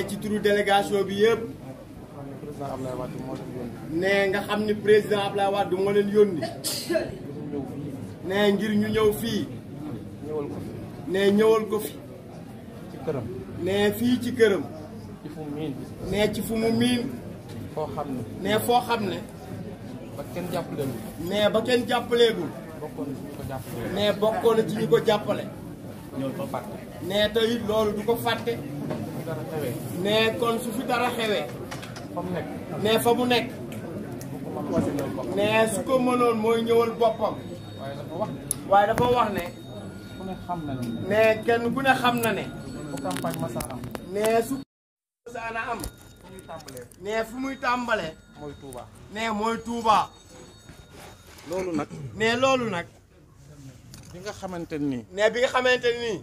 nee ci turu délégation bi yëpp. nee nga xam ni président Ablaye Wade moo leen yónni. nee ngir ñu ñëw fii. nee ñëwal ko fi. nee fii ci këram. nee ci fu mu miin. foo xam ne. nee foo xam ne. ba kenn jàppaleegul. nee ba kenn jàppaleegul. nee bokkoon na ci ñu ko jàppale. nee tey loolu du ko fàtte. dara xewee. ne kon su fi dara xewee. fa mu nekk. fa mu nekk. ne su ko mënoon mooy ñëwal boppam. waaye dafa wax ne. waaye xam na ne. ne kenn ku ne xam na ne. su fu muy tàmbalee. ne fu mooy Touba. loolu nag. ne loolu nag. bi nga xamante nii. ne bi nga xamante nii.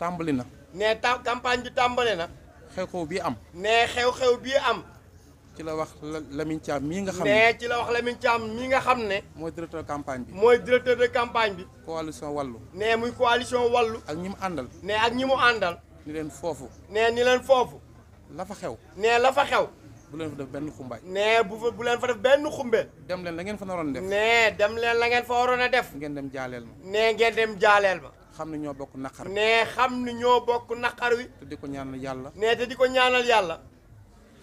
tàmbali na. ne tam campagne bi tàmbale na. xew-xew bii am. ne xew-xew bii am. ci la wax Lamine Thiam mii nga xam ne ci la wax Lamine Thiam mii nga xam ne. mooy directeur campagne bi. mooy directeur de campagne bi. coalition wallu ne muy coalition wallu ak ñi mu àndal. ne ak ñi mu àndal. ni leen foofu. ne ni leen foofu. la fa xew. ne la fa xew. bu leen fa def benn xumbaay. ne bu fa bu leen fa def benn xumbe. dem leen la ngeen fa naroon def. ne dem leen la ngeen fa waroon a def. ngeen dem jaaleel ma. ne ngeen dem jaaleel ma. xam ne ñoo bokk naqar wi. nee xam ne ñoo bokk naqar wi. te di ko ñaanal yàlla. nee te di ko ñaanal yàlla.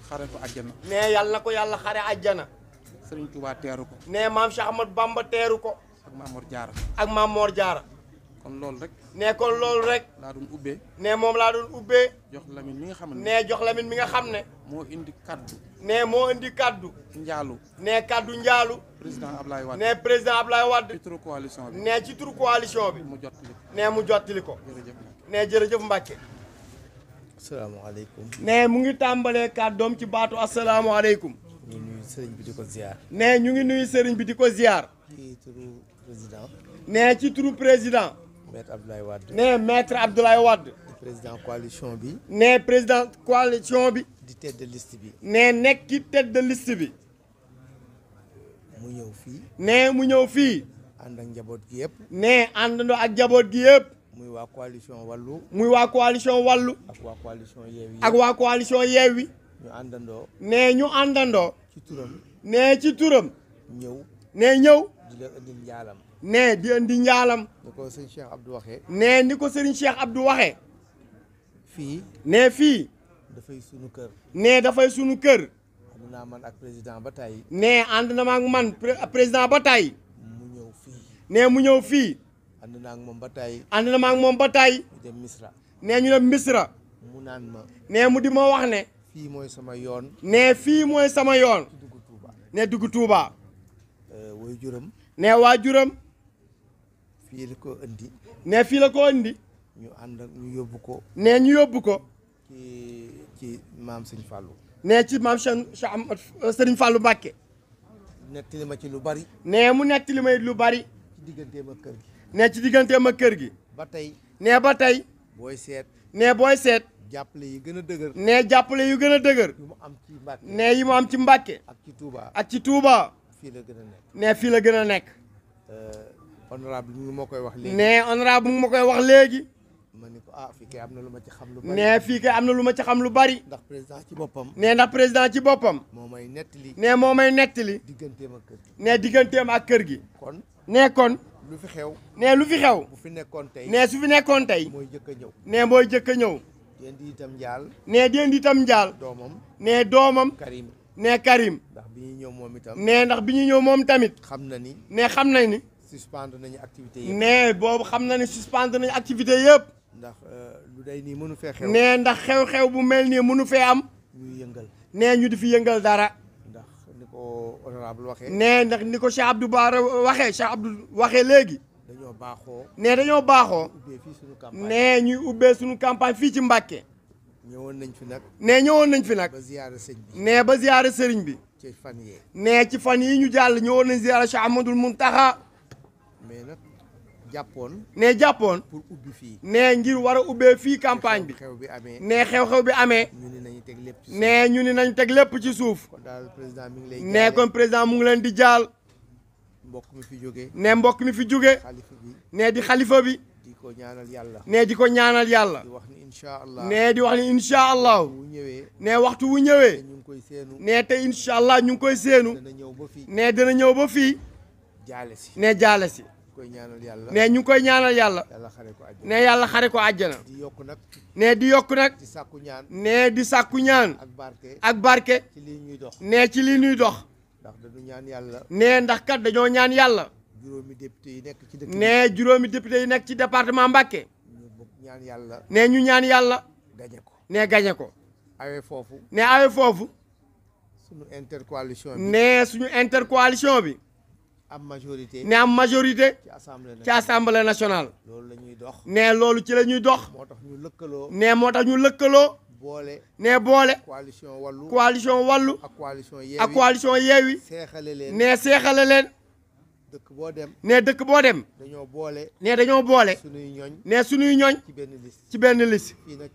xare ko àjjana. nee yàlla na ko yàlla xare àjjana. Serigne Touba teeru ko. nee maam Cheikh Ahmad Bamba teeru ko. ak Mamor Diarra. ak Mamor Diarra. kon loolu rek. ne loolu rek. laa doon ubbee. moom laa doon ubbee. jox Lamine mi nga xam ne. jox Lamine mi nga xam ne. moo indi kaddu. ne moo indi kaddu. njaalu. ne kaddu njaalu. président Ablaye Wade. ne président Ablaye Wade. ci turu coalition bi. nee ci turu coalition bi. mu jottali ko ne mu jottali ko. jërëjëf ne jërëjëf Mbacke. asalaamaaleykum. ne mu ngi tàmbalee kàddoom ci baatu asalaamaaleykum. ñu ngi nuyu sëriñ bi di ko ziar. nee ñu ngi nuyu sëriñ bi di ko ziar. ci président. ne ci turu président. maître Abdoulaye Wade. nee maître Abdoulaye président coalition bi. nee président coalition bi. di tête de bi. nee nekk ci tête de bi. mu ñëw fii. nee mu ñëw fii. ànd ak njaboot gi yëpp. nee àndandoo ak njaboot gi yëpp. muy waa coalition wallu muy waa coalition wàllu. ak waa coalition yeewi. ak waa coalition yeewi. ñu àndandoo. nee ñu àndandoo. ci turam. nee ci turam. ñëw. nee ñëw. di nee di andi njaalam. ni ko sëriñ Cheikh Abdou waxe nee ni ko sëriñ Cheikh Abdou waxe fii. nee fii. dafay sunu kër. nee dafay sunu kër. ànd naa man ak président ba tey. nee ànd na man ak man président ba tey. mu ñëw fii. nee mu ñëw fii. ànd naa ak moom ba tey. ànd na ma ak moom ba tey. ñu dem Misra. nee ñu dem Misra. mu naan ma. nee mu di ma wax ne. fii mooy sama yoon. nee fii mooy sama yoon. ne dugg Touba. nee dugg juram waajuram. waa juram fii ko indi. ne fii la ko indi. ñu ànd ak ñu yóbbu ko. ne ñu yóbbu ko. ci ci maam Sëñ fallu ne ci maam Cheikh euh, Sëriñ Fallou Mbacke. nettali ma ci lu bari. ne mu nettali may lu bari. ci digganteem ak kër gi. ne ci digganteem ma kër gi. ba tey. ne ba tey. booy seet. ne booy seet. jàppale yi gën a dëgër. ne jàppale yu gën a dëgër. am ci ne yi mu am ci Mbacke. ak ci tuuba ak ci Touba. fii la gën a nekk. ne fii la gën a nekk. Euh, honorable mu ngi ma koy wax léegi nee honorable mu ngi ma koy wax léegi. ma ne ko ah fii am na lu ma ci xam lu bari. nee fii kay am na lu ma ci xam lu bari. ndax président ci boppam. nee ndax président ci boppam. moo may nettali. nee moo may nettali. digganteem ak kër gi. nee digganteem ak kër gi. kon nee kon. lu fi xew. nee lu fi xew. bu fi nekkoon tey. nee su fi nekkoon tey. mooy jëkk a ñëw. nee mooy jëkk a ñëw. itam njaal. nee deen di itam njaal. doomam. nee doomam. Karim. nee Karim. ndax bi ñuy ñëw moom itam. nee ndax bi ñuy ñëw moom tamit. xam na ni. nee xam na ni. suspendre nañu activité yëpp. boobu xam na ne suspendre nañu activité yëpp. ndax euh, lu day nii mënu fee xew. ndax xew-xew bu mel nii mënu fee am. ñuy nee ñu di fi yëngal dara. ndax ni ko honorable waxee. nee ndax ni ko Cheikh Abdou Bara waxee Cheikh Abdou waxee léegi. dañoo baaxoo. nee dañoo baaxoo. ubbee fii suñu campagne nee ñuy ubbee suñu campagne fii ci Mbàkke. ñëwoon nañ fi nag. nee ñëwoon nañ fi nag. ba sëñ bi. nee ba ziyaara sëriñ bi. ci fan yii. nee ci fan yii ñu jàll ñëwoon nañ ziyaara Cheikh Ahmadoul Mountakha. mais nag jàppoon. nee jàppoon. pour fii. nee ngir war a ubbee fii campagne bi. xew bi amee. nee xew-xew bi amee. ñu nañu teg lépp ci nee ñu ni nañu teg lépp ci suuf. président mi ngi lay. nee kon président mu ngi leen di jaal. mbokk mi fi jógee. nee mbokk mi fi jógee. xalifa nee di xalifa bi. di ko ñaanal yàlla. nee di ko ñaanal yàlla. wax ni incha allah. nee di wax ni incha allah. waxtu wu ñëwee. nee waxtu wu ñu ngi koy seenu. nee te incha allah ñu ngi koy seenu. dana ñëw ba fii. nee dana ñëw ba fii. jaale si. nee jaale si. ne ñu ngi koy ñaanal yàlla ne yàlla xare ko àjjana ne di yokk nag ne di sàkku ñaan ak barke ne ci lii ñuy dox ne ndax dañoo ñaan yàlla ne juróomi député yi nekk ci département Mbacké ne ñu ñaan yàlla ne gañe ko ne awe foofu ne suñu intercoalition bi am majorité ne am majorité. ci assemblée nationale ci assemblée loolu la ñuy dox. ne loolu ci la ñuy dox. moo tax ñu lëkkaloo. ne moo tax ñu lëkkaloo. boole ne boole. coalition wàllu coalition wàllu. ak coalition yeewi ak coalition yeewi. seexale leen ne seexale leen. dëkk boo dem ne dëkk boo dem. dañoo boole. ne dañoo boole. sunuy ñooñ ne sunuy ñooñ. ci benn liste ci benn liste. fii nag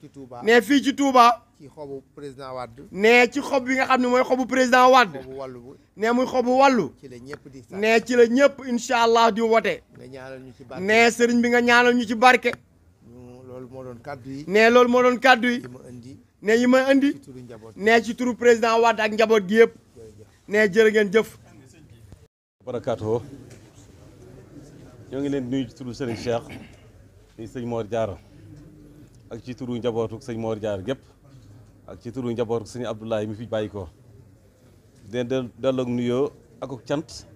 ci Touba xobu président Wade. nee ci xob bi nga xam ne mooy xobu président Wade. xobu wàllu nee muy xobu wàllu. ci ñëpp di nee ci la ñëpp incha allah di wote. nga ñaanal ñu ci barke. nee sëriñ bi nga ñaanal ñu ci barke. loolu moo doon kaddu yi. nee loolu moo doon kaddu yi. nee yi ma indi. nee ci turu président Wade ak njaboot gi yëpp. nee jërë ngeen jëf. barakaatu ñoo ngi leen nuyu ci turu Serigne Cheikh di sëñ Mor Diarra ak ci turu njabootu sëñ Mor Diarra gépp ak ci turu njaboot suñu Abdoulaye mu fi bàyyi ko den delloog nuyoo ak cant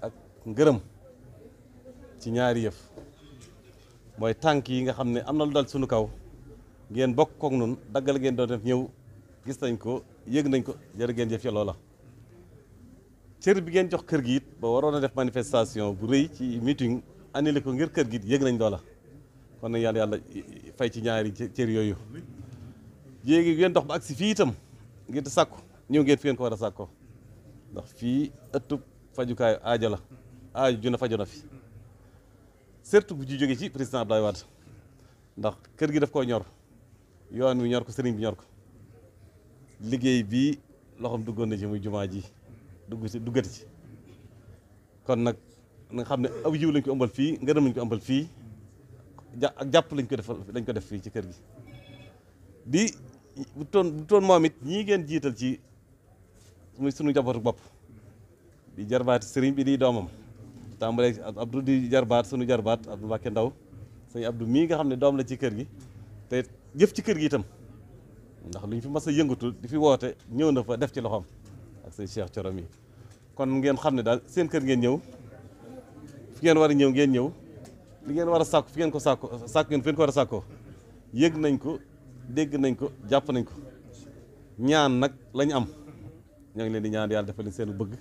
ak ngërëm ci ñaari yëf mooy tànk yi nga xam ne am na lu dal suñu kaw ngeen bokk kook nun daggal ngeen doon def ñëw gis nañ ko yëg nañ ko jërë ngeen jëf ci loola cër bi ngeen jox kër gi it ba waroon a def manifestation bu rëy ci meeting annulé ko ngir kër gi it yëg nañ loola kon nag yàlla yàlla fay ci ñaari cër yooyu jéegi ngeen ndox ba agsi fii itam ngir di sàkku ñëw ngeen fi ngeen ko war a sàkkoo ndax fii ëttub fajukaayu aajo la aajo ju ne fajo na fi surtout bu ji jóge ci président Abdoulaye Wade ndax kër gi def koo ñor yoon wi ñor ko sëriñ bi ñor ko liggéey bii loxoom duggoon na ci muy jumaa ji dugg ci duggati ci kon nag nga xam ne aw jiw lañ ko ëmbal fii ngërëm lañ ko ëmbal fii ak jàpp lañ ko def lañ ko def fii ci kër gi bu toon bu moom it ñii ngeen jiital ci muy sunu njabootu bopp di jarbaat sëriñ bi di doomam tàmbale Abdou di jarbaat sunu jarbaat Abdou Mbacke Ndaw sëñ Abdou mii nga xam ne doom la ci kër gi te jëf ci kër gi tam ndax lu ñu fi mas a yëngatu di fi woote ñëw na fa def ci loxoom ak sëñ Cheikh Thioro kon ngeen xam ne daal seen kër ngeen ñëw fi ngeen war a ñëw ngeen ñëw li ngeen war a sàkku fi ngeen ko sàkku sàkku ngeen fi ngeen ko war a sàkkoo yëg nañ ko dégg nañ ko jàpp nañ ko ñaan nag lañu am ñoo ngi leen di ñaan yàlla defal leen seenu bëgg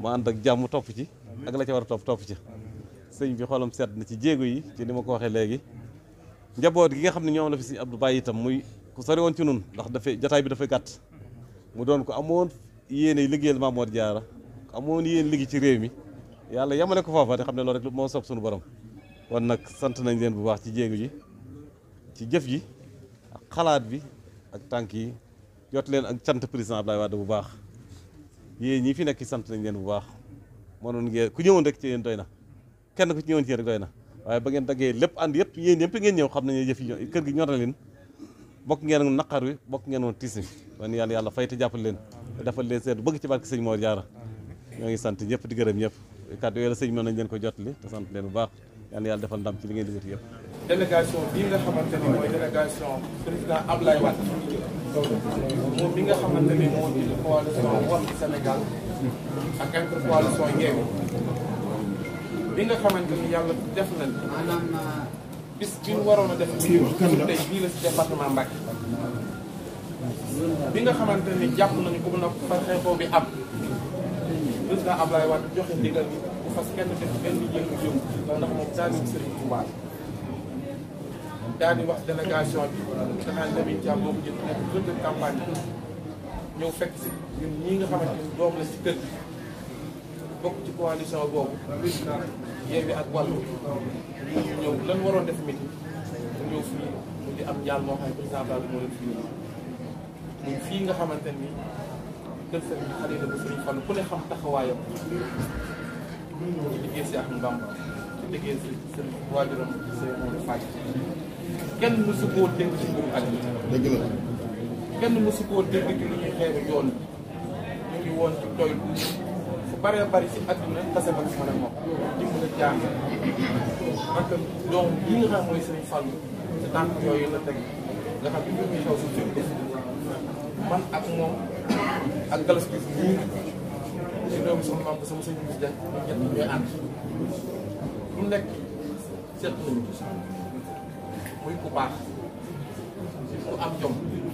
mu ànd ak jàmm topp ci ak la ca war a topp topp ci sëñ bi xolam sedd na ci jéego yi ci ni ma ko waxee léegi njaboot gi nga xam ne ñoom la fi sëñ Abdou Baye itam muy ku sore woon ci nun ndax dafay jataay bi dafay gàtt mu doon ko amoon yéene liggéeyal Maam Jaara ko amoon yéen liggéey ci réew mi yàlla yamale ko foofa te xam ne loolu rek moo soob suñu borom kon nag sant nañ leen bu baax ci jéego yi ci jëf ji ak xalaat bi ak tànk yi jot leen ak sant président Abdoulaye Wade bu baax yéen ñi fi nekk sant nañ leen bu baax moo mënoon ngeen ku ñëwoon rek ci yéen doy na kenn ku ci ñëwoon ci yéen rek doy na waaye ba ngeen daggee lépp ànd yëpp yéen yëpp ngeen ñëw xam nañu jëf yi gi ñor na leen bokk ngeen naqar wi bokk ngeen woon tiis bi yàlla yàlla fay te jàppal leen defal leen seet bëgg ci barke sëñ moo jaar ñoo ngi sant ñëpp di gërëm ñëpp kàddu yooyu la sëñ mën nañ leen ko jotali te sant leen bu baax yàlla yàlla defal ndam ci li ngeen di wuti délégation bii nga xamante ni mooy délégation président Ablaye Wade moom bi nga xamante ni moo di coalition Wallu Sénégal ak entre coalition Yewwi bi nga xamante ni yàlla def nañ bis bi ñu waroon a def bii tey bii la si département Mbacké bi nga xamante ni jàpp nañu ko mun a far xeexoo bi am président Ablaye Wade joxe ndigal bi bu fas kenn def benn yëngu-yëngu ndax moom daanaka Serigne Touba daal di wax délégation bi danaa Lamine Thiam a campagne ñëw fekk si ñun ñii nga xamante ni doom la si kër gi bokk ci coalition boobu Yewwi ak Wallu ñu ñëw lan waroon def meeting mu ñëw fii mu di am njaal moo xam ne président moo leen fii nga xamante ni kër Serigne bi xale la ba ku ne xam taxawaayam ci liggéey si Ahmadou Bamba ci liggéey si seen waajuram seen moom Faye kenn mësu koo dégg ci mbirum àddina. dëgg la. kenn mësu koo ci lu ñuy xeebu yoon ñu ngi woon ci doylu fu si àddina tase ba gis que donc li mooy Serigne Fallou te tànk yooyu la ak moom ak galas bi bii si doomu muy ku baax nit am jom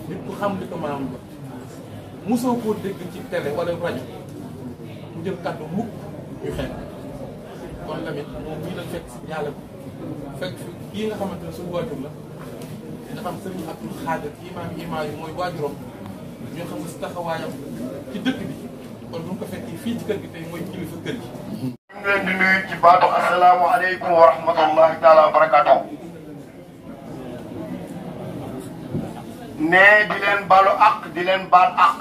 nit ku xam li ko maam la koo mu jël la fekk si yàlla fekk kii nga xamante ne waajur la nga xam sëriñ Abdul Xaadir imaam imaam yi mooy waajuram ñoo xam si taxawaayam ci dëkk bi kon bu ñu ko fekkee fii ci kër gi tey mooy kilifa kër gi. ñu ngi leen di ci baatu asalaamaaleykum wa rahmatullahi taala wa barakaatu. nee di leen balu àkk di leen bal ak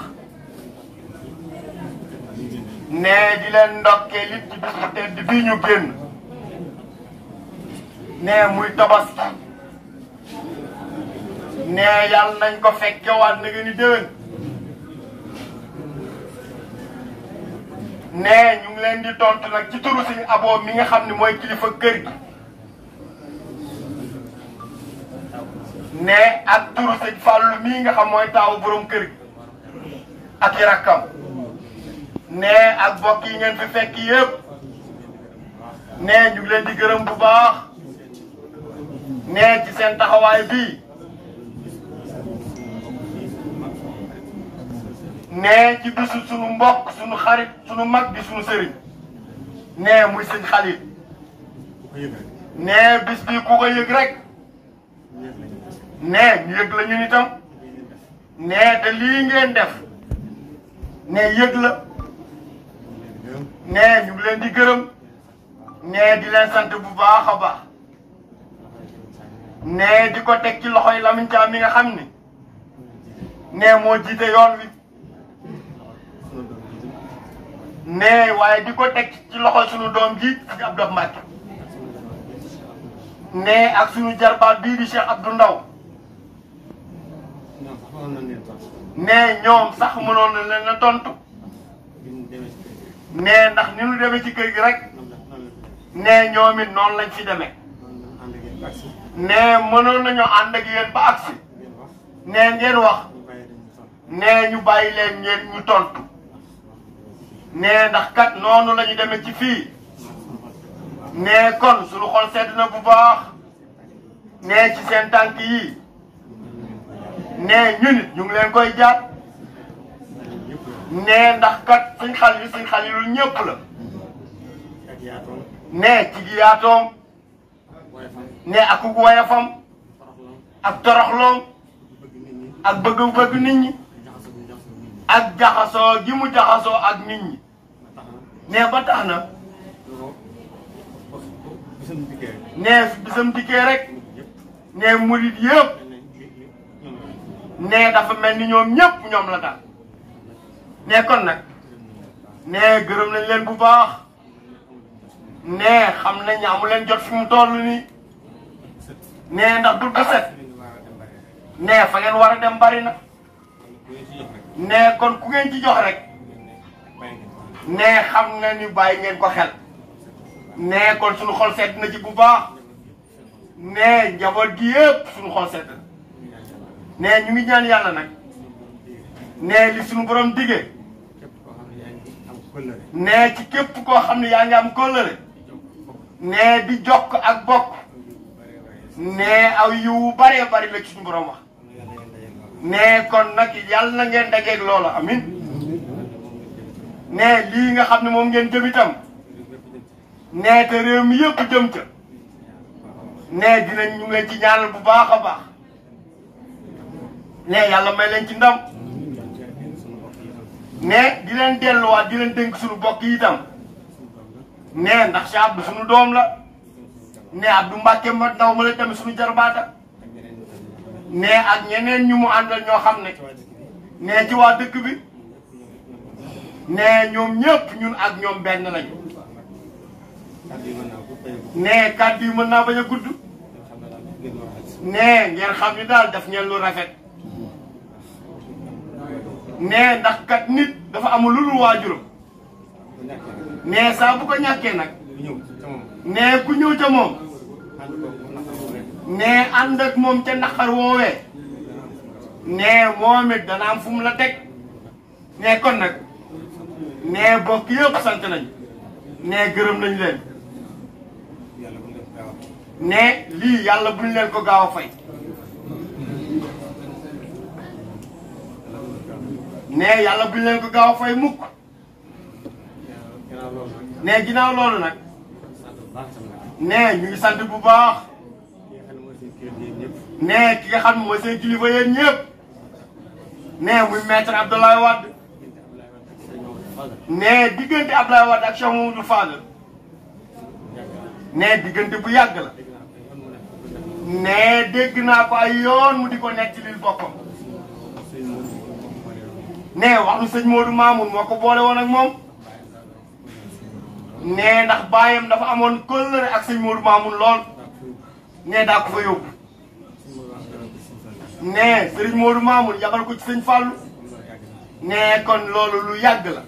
nee di leen ndokkee lit di bis bu tedd bii ñu génn nee muy tabaski nee yàlla nañ ko fekkewaat na ngeen di déwén nee ñu ngi leen di tontu nag ci turu suñu aboo mi nga xam ni mooy kilifa kër gi ne ab turu sëñ Fallou mii nga xam taawu borom kër gi ak i rakkam ne ak mbokk yi ngeen fi fekk yëpp ne ñu ngi leen di gërëm bu baax ne ci seen taxawaay bi ne ci bisu sunu mbokk sunu xarit sunu mag bi sunu sëriñ ne muy sëñ Xalil ne bis bi ku ko rek. ne ñu yëg ñu ñun itam ne te lii ngeen def ne yëg la ñu ngi leen di gërëm ne di leen sant bu baax a baax ne di ko teg ci loxo loxoy Lamine Thiam mi nga xam ni ne moo jiite yoon wi ne waaye di ko teg ci loxo sunu doom ji di Abdou Mbacke ne ak sunu jarbaat bii di Cheikh Abdou Ndaw ne ñoom sax mënoon na leen a tontu. ne ndax ni ñu demee ci kër gi rek. ne ñoom it noonu lañ fi deme ne mënoon nañoo ànd ak yéen ba agsi. ne ngeen wax. ne ñu bàyyi leen ngeen ñu tontu. ne ndax kat noonu la deme ci fii. ne kon suñu xol sedd na bu baax. ne ci seen tànk yi nee ñun it ñu ngi koy jaar nee ndax kat suñ xal yi suñ xal yi ñëpp la nee ci gi yaatoom nee ak ku wayafam ak toroxloom ak bëgg-bëgg nit ak jaxasoo ji mu jaxasoo ak nit ñi ba tax na nee bisam dikkee rek nee murit yëpp nee dafa mel ni ñoom ñépp ñoom la daal nee kon nag nee gërëm nañ leen bu baax nee xam na amu leen jot fu mu toll nii nee ndax du du nee fa ngeen war a dem bari na nee kon ku ngeen ci jox rek nee xam na ni bàyyi ngeen ko xel nee kon suñu xol sedd na ci bu baax nee njaboot gi yëpp suñu xol sedd nee ñu ngi ñaan yàlla nag nee li suñu borom diggee nee ci képp koo xam ne yaa ngi am kóllëre nee di jokk ak bokk nee aw yiwu bëree bëri la ci suñu borom wax nee kon nag yàlla na ngeen dajeeg loola amin nee lii nga xam ne moom ngeen jëm itam nee te réew mi yëpp jëm ca nee dinañ ñu ngi ci ñaanal bu baax a baax ne yàlla may leen ci ndam ne di leen delluwaat di leen dénk suñu bokk yi itam ne ndax si Abdou suñu doom la ne Abdou Mbacke ma ndaw ma la tamit suñu jarbaata ne ak ñeneen ñu mu àndal ñoo xam ne ne ci waa dëkk bi ne ñoom ñëpp ñun ak ñoom benn lañu ne kàddu yi mën naa bañ a gudd ne ngeen xam ni daal daf ngeen lu rafet nee ndax kat nit dafa amul lu dul waajuram nee saa bu ko ñàkkee nag nee gu ñëw ca moom nee ànd ak moom ca naqar woowee nee moom dana am fu mu la teg nee kon nag nee bokk yëpp sant nañ nee gërëm nañ leen nee lii yàlla buñ leen ko gaaw a fay nee yàlla buñ leen ko gaaw a fay mukk nee ginnaaw loolu nag nee ñu ngi sant bu baax nee ki nga xam ne mooy seen kilifa yéen nee muy maître Abdoulaye Wade nee diggante Abdoulaye Wade ak nee diggante bu yàgg la nee dégg naa ko yoon mu di ko nekk lil boppam nee wax lu sëñ Modou Mamoun moo ko boole woon ak moom nee ndax baayam dafa amoon kóllëre ak sëñ Modou Mamoun lool nee daa ko fa yóbbu nee sëriñ Modou Mamoun yabal ko ci sëñ Fallou nee lu yàgg la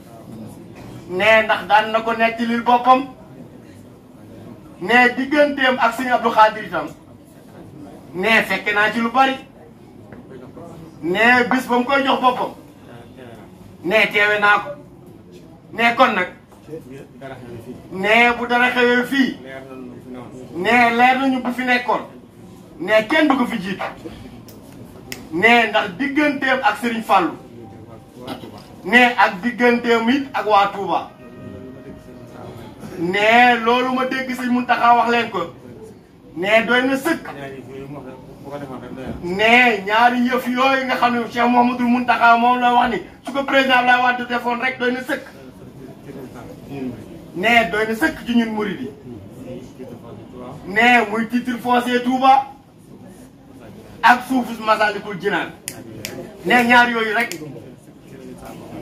nee ndax daan na ko nettalil boppam nee digganteem ak sëñ Abdou Khadir itam nee fekke naa ci lu bari nee bis ba mu koy jox boppam nee teewe naa ko nee kon nag bu dara xewee fii nee leer nañu bu fi nekkoon nee kenn du ko fi jiitu nee ndax digganteem ak Serigne Fallou nee ak digganteem it ak waa Touba nee loolu ma dégg Serigne Mountakha wax leen ko nee doy na sëkk. ne ñaari yëf yooyu nga xam ne Cheikh Mouhamadul Mountakha moom la wax ni su ko président Abdoulaye Wade defoon rek doy na sëkk. ne doy na sëkk ci ñun murid yi. ne muy titre foncier Touba ak suufu Massalikul Jinaan ne ñaar yooyu rek.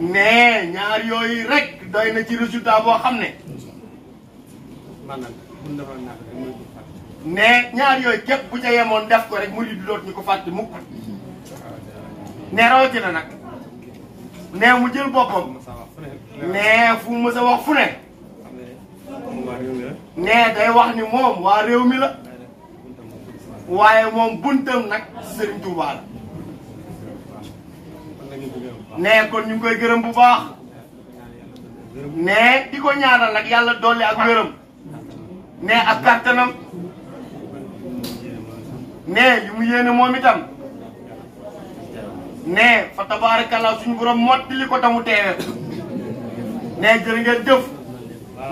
ne ñaar yooyu rek doy na ci résultat boo xam ne. ne ñaar yooyu képp bu ca yemoon def ko rek murid doot ñu ko fàtte mukk ne rawatina nag ne mu jël boppam ne fu mu mës a fu ne ne day wax ni moom waa réew mi la waaye moom buntam nag Serigne Touba la ne kon ñu koy gërëm bu baax ne di ko ñaanal nag yàlla dolli ak wéram ne ak kàttanam ne li mu yéene moom itam ne fa tabaarakallaa suñu borom li ko tamu teewe ne jërë jëf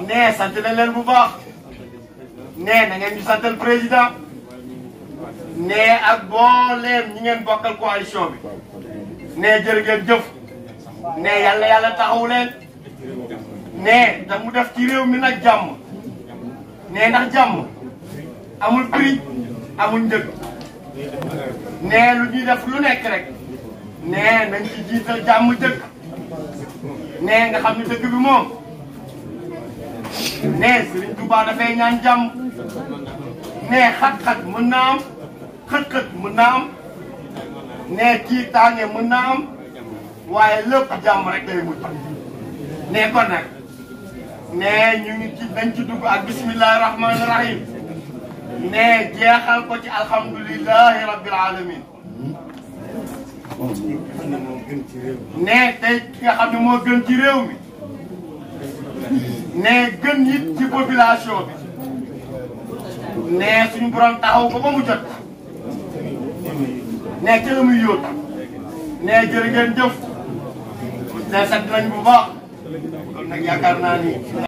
ne sant na leen bu baax ne na ngeen ñu santal président ne ak booleem ñi ngeen bokkal coalition bi ne jërë ngeen jëf ne yàlla yàlla taxawu leen ne da def ci réew mi nag jàmm ne ndax jàmm amul prix amul njëg nee lu ñuy def lu nekk rek nee nañ ci jiital jàmm dëkk nee nga xam ne dëkk bi moom nee Serigne Touba dafay ñaan jàmm nee xat-xat mën naa am xët-xët mën naa am nee tiitaange mën naa am waaye lépp jàmm rek day mujj nee nag nee ñu ngi ci dañ ci dugg ak bismillahi rahmaani rahim ne jeexal ko ci alhamdulilahi rabbil alamin ne tey ki nga xam moo gën ci mi ne gën it ci population bi ne suñu borom taxaw ko ba mu jot ne ci la muy yóot ne jërë ngeen jëf ne sant nañ bu baax kon nag yaakaar naa ni